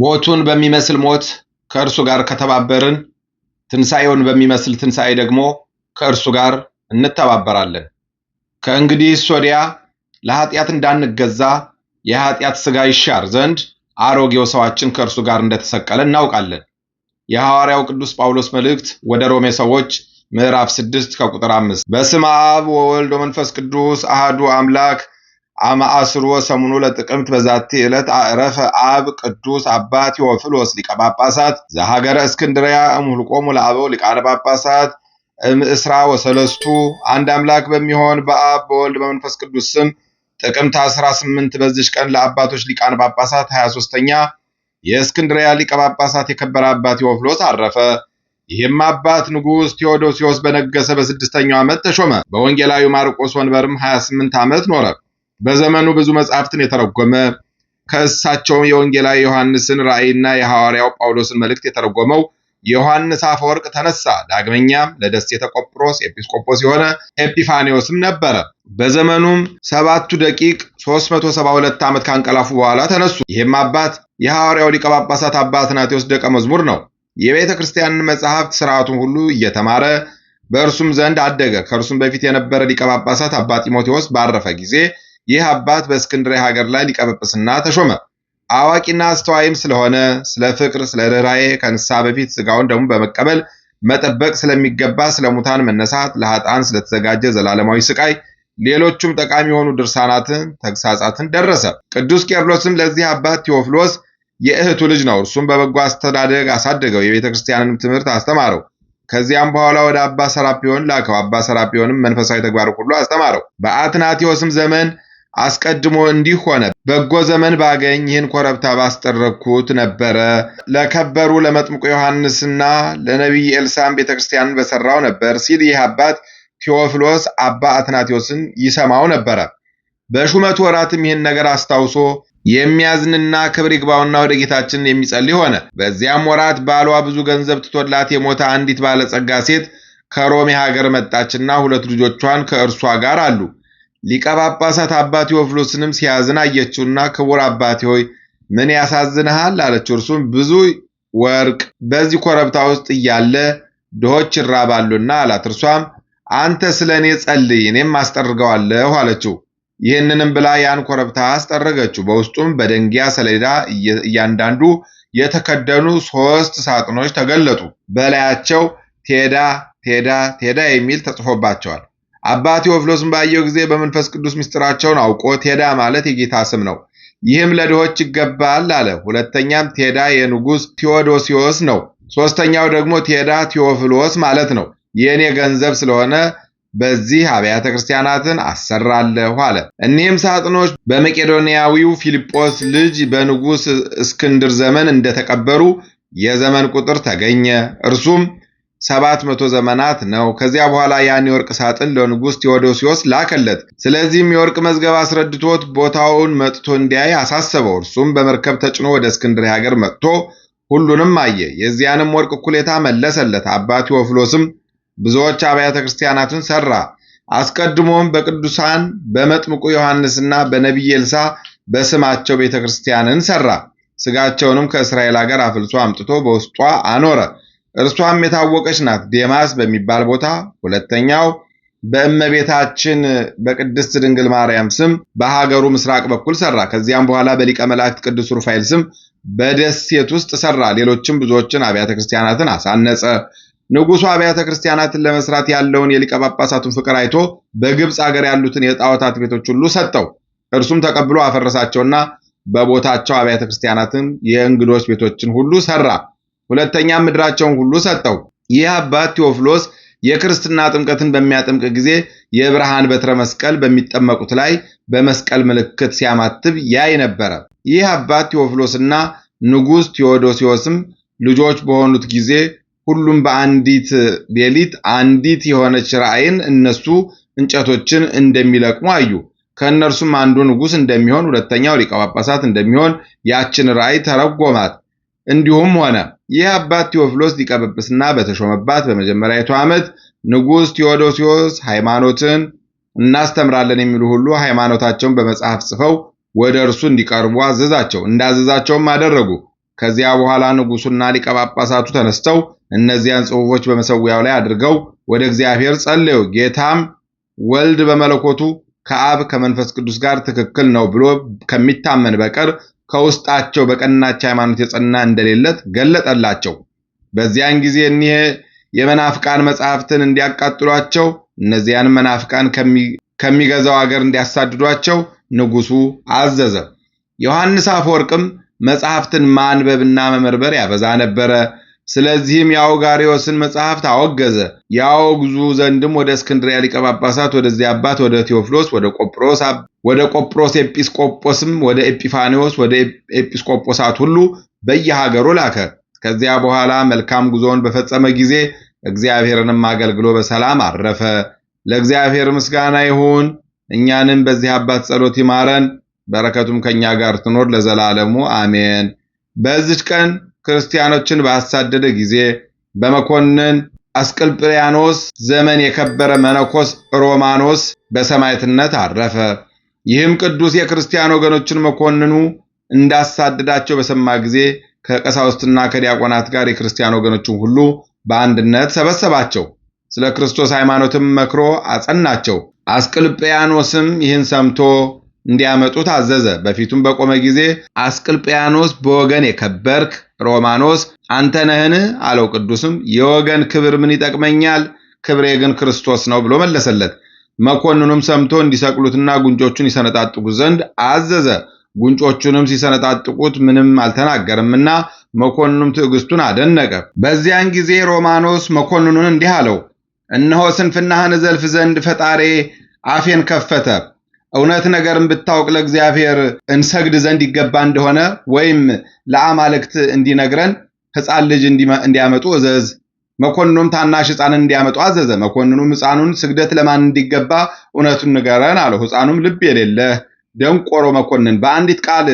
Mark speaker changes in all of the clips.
Speaker 1: ሞቱን በሚመስል ሞት ከእርሱ ጋር ከተባበርን ትንሣኤውን በሚመስል ትንሣኤ ደግሞ ከእርሱ ጋር እንተባበራለን። ከእንግዲህ ወዲያ ለኃጢአት እንዳንገዛ የኃጢአት ሥጋ ይሻር ዘንድ አሮጌው ሰዋችን ከእርሱ ጋር እንደተሰቀለ እናውቃለን። የሐዋርያው ቅዱስ ጳውሎስ መልእክት ወደ ሮሜ ሰዎች ምዕራፍ 6 ከቁጥር 5። በስመ አብ ወወልድ ወመንፈስ ቅዱስ አህዱ አምላክ አማአስሮ ሰሙኑ ለጥቅምት በዛቲ ዕለት አዕረፈ አብ ቅዱስ አባ ቴዎፍሎስ ሊቀ ጳጳሳት ዘሀገረ እስክንድርያ እምሁልቆሙ ለአበው ሊቃነ ጳጳሳት እምእስራ ወሰለስቱ። አንድ አምላክ በሚሆን በአብ በወልድ በመንፈስ ቅዱስ ስም ጥቅምት 18 በዚች ቀን ለአባቶች ሊቃነ ጳጳሳት 23ኛ የእስክንድርያ ሊቀ ጳጳሳት የከበረ አባ ቴዎፍሎስ አረፈ። ይህም አባት ንጉሥ ቴዎዶሲዎስ በነገሰ በስድስተኛው ዓመት ተሾመ። በወንጌላዊ ማርቆስ ወንበርም 28 ዓመት ኖረ። በዘመኑ ብዙ መጻሕፍትን የተረጎመ ከእሳቸውም የወንጌላዊ ዮሐንስን ራእይና የሐዋርያው ጳውሎስን መልእክት የተረጎመው ዮሐንስ አፈወርቅ ተነሳ። ዳግመኛም ለደሴተ ቆጵሮስ ኤጲስቆጶስ የሆነ ኤጲፋኒዎስም ነበረ። በዘመኑም ሰባቱ ደቂቅ 372 ዓመት ካንቀላፉ በኋላ ተነሱ። ይህም አባት የሐዋርያው ሊቀ ጳጳሳት አባ አትናቴዎስ ደቀ መዝሙር ነው። የቤተ ክርስቲያንን መጽሐፍት ስርዓቱን ሁሉ እየተማረ በእርሱም ዘንድ አደገ። ከእርሱም በፊት የነበረ ሊቀ ጳጳሳት አባ ጢሞቴዎስ ባረፈ ጊዜ ይህ አባት በእስክንድርያ ሀገር ላይ ሊቀ ተሾመ። አዋቂና አስተዋይም ስለሆነ ስለ ፍቅር፣ ስለ ርኅራዬ ከንስሐ በፊት ስጋውን ደግሞ በመቀበል መጠበቅ ስለሚገባ ስለ ሙታን መነሳት፣ ለኃጥአን ስለተዘጋጀ ዘላለማዊ ስቃይ፣ ሌሎቹም ጠቃሚ የሆኑ ድርሳናትን ተግሳጻትን ደረሰ። ቅዱስ ቄርሎስም ለዚህ አባት ቴዎፍሎስ የእህቱ ልጅ ነው። እርሱም በበጎ አስተዳደግ አሳደገው፣ የቤተ ክርስቲያንንም ትምህርት አስተማረው። ከዚያም በኋላ ወደ አባ ሰራፒዮን ላከው። አባ ሰራፒዮንም መንፈሳዊ ተግባር ሁሉ አስተማረው። በአትናቴዎስም ዘመን አስቀድሞ እንዲህ ሆነ፣ በጎ ዘመን ባገኝ ይህን ኮረብታ ባስጠረግኩት ነበረ። ለከበሩ ለመጥምቁ ዮሐንስና ለነቢይ ኤልሳም ቤተ ክርስቲያንን በሠራው ነበር ሲል ይህ አባት ቴዎፍሎስ አባ አትናቴዎስን ይሰማው ነበረ። በሹመቱ ወራትም ይህን ነገር አስታውሶ የሚያዝንና ክብር ይግባውና ወደ ጌታችን የሚጸልይ ሆነ። በዚያም ወራት ባሏ ብዙ ገንዘብ ትቶላት የሞተ አንዲት ባለጸጋ ሴት ከሮሜ ሀገር መጣችና ሁለት ልጆቿን ከእርሷ ጋር አሉ። ሊቀ ጳጳሳት አባ ቴዎፍሎስንም ሲያዝን አየችውና ክቡር አባቴ ሆይ ምን ያሳዝንሃል? አለችው። እርሱም ብዙ ወርቅ በዚህ ኮረብታ ውስጥ እያለ ድሆች ይራባሉና አላት። እርሷም አንተ ስለ እኔ ጸልይ፣ እኔም አስጠርገዋለሁ አለችው። ይህንንም ብላ ያን ኮረብታ አስጠረገችው። በውስጡም በደንጊያ ሰሌዳ እያንዳንዱ የተከደኑ ሶስት ሳጥኖች ተገለጡ። በላያቸው ቴዳ ቴዳ ቴዳ የሚል ተጽፎባቸዋል። አባ ቴዎፍሎስም ባየው ጊዜ በመንፈስ ቅዱስ ምስጢራቸውን አውቆ ቴዳ ማለት የጌታ ስም ነው፣ ይህም ለድሆች ይገባል አለ። ሁለተኛም ቴዳ የንጉሥ ቴዎዶሲዮስ ነው። ሦስተኛው ደግሞ ቴዳ ቴዎፍሎስ ማለት ነው። የእኔ ገንዘብ ስለሆነ በዚህ አብያተ ክርስቲያናትን አሰራለሁ አለ። እኒህም ሳጥኖች በመቄዶንያዊው ፊልጶስ ልጅ በንጉሥ እስክንድር ዘመን እንደተቀበሩ የዘመን ቁጥር ተገኘ። እርሱም ሰባት መቶ ዘመናት ነው። ከዚያ በኋላ ያን የወርቅ ሳጥን ለንጉሥ ቴዎዶሲዎስ ላከለት። ስለዚህም የወርቅ መዝገብ አስረድቶት ቦታውን መጥቶ እንዲያይ አሳሰበው። እርሱም በመርከብ ተጭኖ ወደ እስክንድርያ ሀገር መጥቶ ሁሉንም አየ። የዚያንም ወርቅ እኩሌታ መለሰለት። አባ ቴዎፍሎስም ብዙዎች አብያተ ክርስቲያናትን ሠራ። አስቀድሞም በቅዱሳን በመጥምቁ ዮሐንስና በነቢይ ኤልሳዕ በስማቸው ቤተ ክርስቲያንን ሠራ። ሥጋቸውንም ከእስራኤል አገር አፍልሶ አምጥቶ በውስጧ አኖረ። እርሷም የታወቀች ናት። ዴማስ በሚባል ቦታ ሁለተኛው በእመቤታችን በቅድስት ድንግል ማርያም ስም በሀገሩ ምስራቅ በኩል ሰራ። ከዚያም በኋላ በሊቀ መላእክት ቅዱስ ሩፋኤል ስም በደሴት ውስጥ ሰራ። ሌሎችም ብዙዎችን አብያተ ክርስቲያናትን አሳነጸ። ንጉሱ አብያተ ክርስቲያናትን ለመስራት ያለውን የሊቀ ጳጳሳቱን ፍቅር አይቶ በግብፅ አገር ያሉትን የጣዖታት ቤቶች ሁሉ ሰጠው። እርሱም ተቀብሎ አፈረሳቸውና በቦታቸው አብያተ ክርስቲያናትን፣ የእንግዶች ቤቶችን ሁሉ ሰራ። ሁለተኛ ምድራቸውን ሁሉ ሰጠው። ይህ አባት ቴዎፍሎስ የክርስትና ጥምቀትን በሚያጠምቅ ጊዜ የብርሃን በትረ መስቀል በሚጠመቁት ላይ በመስቀል ምልክት ሲያማትብ ያይ ነበረ። ይህ አባት ቴዎፍሎስና ንጉሥ ቴዎዶሲዎስም ልጆች በሆኑት ጊዜ ሁሉም በአንዲት ሌሊት አንዲት የሆነች ራእይን እነሱ እንጨቶችን እንደሚለቅሙ አዩ። ከእነርሱም አንዱ ንጉሥ እንደሚሆን፣ ሁለተኛው ሊቀ ጳጳሳት እንደሚሆን ያችን ራእይ ተረጎማት። እንዲሁም ሆነ። ይህ አባት ቴዎፍሎስ ሊቀ ጵጵስና በተሾመባት በመጀመሪያዊቱ ዓመት ንጉሥ ቴዎዶሲዎስ ሃይማኖትን እናስተምራለን የሚሉ ሁሉ ሃይማኖታቸውን በመጽሐፍ ጽፈው ወደ እርሱ እንዲቀርቡ አዘዛቸው። እንዳዘዛቸውም አደረጉ። ከዚያ በኋላ ንጉሱና ሊቀ ጳጳሳቱ ተነስተው እነዚያን ጽሑፎች በመሠዊያው ላይ አድርገው ወደ እግዚአብሔር ጸለዩ። ጌታም ወልድ በመለኮቱ ከአብ ከመንፈስ ቅዱስ ጋር ትክክል ነው ብሎ ከሚታመን በቀር ከውስጣቸው በቀናች ሃይማኖት የጸና እንደሌለት ገለጠላቸው። በዚያን ጊዜ እኒህ የመናፍቃን መጻሕፍትን እንዲያቃጥሏቸው፣ እነዚያን መናፍቃን ከሚገዛው አገር እንዲያሳድዷቸው ንጉሡ አዘዘ። ዮሐንስ አፈወርቅም መጻሕፍትን ማንበብና መመርበር ያበዛ ነበረ። ስለዚህም የአውጋሪዎስን መጽሐፍት አወገዘ። ያወግዙ ዘንድም ወደ እስክንድርያ ሊቀ ጳጳሳት ወደዚህ አባት ወደ ቴዎፍሎስ ወደ ቆጵሮስ ወደ ቆጵሮስ ኤጲስቆጶስም ወደ ኤጲፋኒዎስ ወደ ኤጲስቆጶሳት ሁሉ በየሀገሩ ላከ። ከዚያ በኋላ መልካም ጉዞውን በፈጸመ ጊዜ እግዚአብሔርንም አገልግሎ በሰላም አረፈ። ለእግዚአብሔር ምስጋና ይሁን፣ እኛንም በዚህ አባት ጸሎት ይማረን፣ በረከቱም ከእኛ ጋር ትኖር ለዘላለሙ አሜን። በዚች ቀን ክርስቲያኖችን ባሳደደ ጊዜ በመኮንን አስቅልጵያኖስ ዘመን የከበረ መነኮስ ሮማኖስ በሰማዕትነት አረፈ። ይህም ቅዱስ የክርስቲያን ወገኖችን መኮንኑ እንዳሳደዳቸው በሰማ ጊዜ ከቀሳውስትና ከዲያቆናት ጋር የክርስቲያን ወገኖችን ሁሉ በአንድነት ሰበሰባቸው። ስለ ክርስቶስ ሃይማኖትም መክሮ አጸናቸው። አስቅልጵያኖስም ይህን ሰምቶ እንዲያመጡት አዘዘ። በፊቱም በቆመ ጊዜ አስቅልጵያኖስ በወገን የከበርክ ሮማኖስ አንተ ነህን? አለው። ቅዱስም የወገን ክብር ምን ይጠቅመኛል? ክብሬ ግን ክርስቶስ ነው ብሎ መለሰለት። መኮንኑም ሰምቶ እንዲሰቅሉትና ጉንጮቹን ይሰነጣጥቁት ዘንድ አዘዘ። ጉንጮቹንም ሲሰነጣጥቁት ምንም አልተናገረምና መኮንኑም ትዕግስቱን አደነቀ። በዚያን ጊዜ ሮማኖስ መኮንኑን እንዲህ አለው፣ እነሆ ስንፍናህን እዘልፍ ዘንድ ፈጣሬ አፌን ከፈተ። እውነት ነገርን ብታውቅ ለእግዚአብሔር እንሰግድ ዘንድ ይገባ እንደሆነ ወይም ለአማልክት እንዲነግረን ሕፃን ልጅ እንዲያመጡ እዘዝ መኮንኑም ታናሽ ህፃንን እንዲያመጡ አዘዘ። መኮንኑም ሕፃኑን ስግደት ለማን እንዲገባ እውነቱን ንገረን አለው። ሕፃኑም ልብ የሌለ ደንቆሮ መኮንን በአንዲት ቃል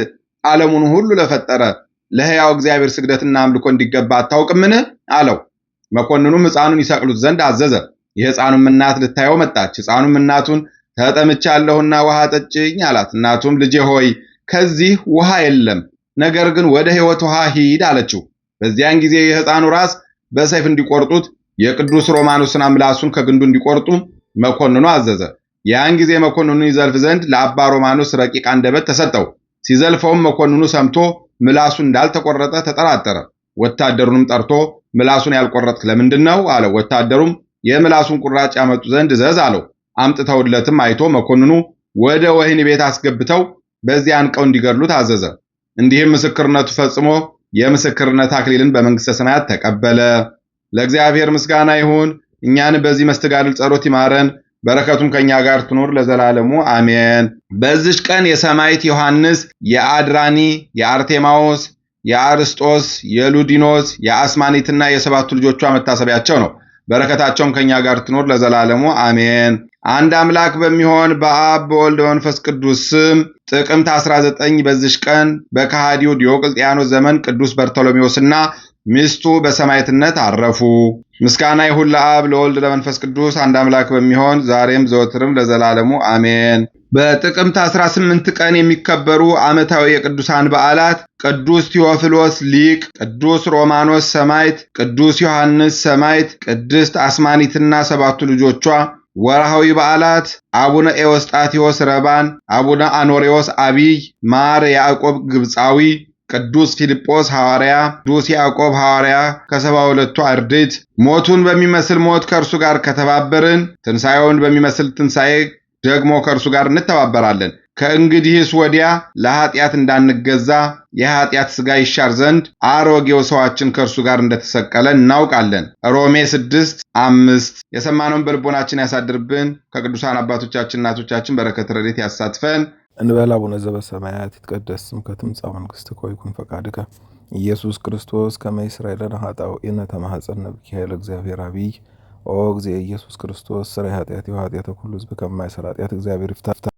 Speaker 1: ዓለሙን ሁሉ ለፈጠረ ለሕያው እግዚአብሔር ስግደትና አምልኮ እንዲገባ አታውቅምን አለው። መኮንኑም ሕፃኑን ይሰቅሉት ዘንድ አዘዘ። የሕፃኑም እናት ልታየው መጣች። ሕፃኑም እናቱን ተጠምቻለሁና ውሃ ጠጭኝ አላት። እናቱም ልጄ ሆይ ከዚህ ውሃ የለም፣ ነገር ግን ወደ ሕይወት ውሃ ሂድ አለችው። በዚያን ጊዜ የሕፃኑ ራስ በሰይፍ እንዲቆርጡት የቅዱስ ሮማኖስን አምላሱን ከግንዱ እንዲቆርጡ መኮንኑ አዘዘ። ያን ጊዜ መኮንኑን ይዘልፍ ዘንድ ለአባ ሮማኖስ ረቂቅ አንደበት ተሰጠው። ሲዘልፈውም መኮንኑ ሰምቶ ምላሱ እንዳልተቆረጠ ተጠራጠረ። ወታደሩንም ጠርቶ ምላሱን ያልቆረጥክ ለምንድን ነው አለው። ወታደሩም የምላሱን ቁራጭ ያመጡ ዘንድ እዘዝ አለው። አምጥተውለትም አይቶ መኮንኑ ወደ ወህኒ ቤት አስገብተው በዚያ አንቀው እንዲገድሉት አዘዘ። እንዲህም ምስክርነቱ ፈጽሞ የምስክርነት አክሊልን በመንግሥተ ሰማያት ተቀበለ። ለእግዚአብሔር ምስጋና ይሁን። እኛን በዚህ መስተጋድል ጸሎት ይማረን፣ በረከቱም ከእኛ ጋር ትኖር ለዘላለሙ አሜን። በዚች ቀን የሰማዕት ዮሐንስ፣ የአድራኒ፣ የአርቴማዎስ፣ የአርስጦስ፣ የሉዲኖስ፣ የአስማኒትና የሰባቱ ልጆቿ መታሰቢያቸው ነው። በረከታቸውም ከእኛ ጋር ትኖር ለዘላለሙ አሜን። አንድ አምላክ በሚሆን በአብ በወልድ በመንፈስ ቅዱስ ስም ጥቅምት 19 በዚሽ ቀን በከሃዲው ዲዮቅልጥያኖስ ዘመን ቅዱስ በርቶሎሜዎስና ሚስቱ በሰማዕትነት አረፉ። ምስጋና ይሁን ለአብ ለወልድ ለመንፈስ ቅዱስ አንድ አምላክ በሚሆን ዛሬም ዘወትርም ለዘላለሙ አሜን። በጥቅምት 18 ቀን የሚከበሩ ዓመታዊ የቅዱሳን በዓላት ቅዱስ ቴዎፍሎስ ሊቅ፣ ቅዱስ ሮማኖስ ሰማዕት፣ ቅዱስ ዮሐንስ ሰማዕት፣ ቅድስት አስማኒትና ሰባቱ ልጆቿ ወርሃዊ በዓላት አቡነ ኤዎስጣቴዎስ ረባን፣ አቡነ አኖሬዎስ አቢይ፣ ማር ያዕቆብ ግብፃዊ፣ ቅዱስ ፊልጶስ ሐዋርያ፣ ቅዱስ ያዕቆብ ሐዋርያ ከሰባ ሁለቱ አርድእት። ሞቱን በሚመስል ሞት ከእርሱ ጋር ከተባበርን፣ ትንሣኤውን በሚመስል ትንሣኤ ደግሞ ከእርሱ ጋር እንተባበራለን። ከእንግዲህስ ወዲያ ለኃጢአት እንዳንገዛ የኃጢአት ሥጋ ይሻር ዘንድ አሮጌው ሰዋችን ከእርሱ ጋር እንደተሰቀለ እናውቃለን። ሮሜ ስድስት አምስት የሰማነውን በልቦናችን ያሳድርብን። ከቅዱሳን አባቶቻችን እናቶቻችን በረከት ረድኤት ያሳትፈን። እንበል አቡነ ዘበሰማያት ይትቀደስ ስምከ ትምጻእ መንግሥትከ ወይኩን ፈቃድከ ኢየሱስ ክርስቶስ ከመ ይሥረይ ለነ ኃጣውኢነ ተማኅፀነ በኪሐ ለእግዚአብሔር አብይ ኦ እግዚእ ኢየሱስ ክርስቶስ ሥራይ ኃጢአት የኃጢአተ ኩሉ ሕዝብ ከማይሰራ ኃጢአት እግዚአብሔር ይፍታ።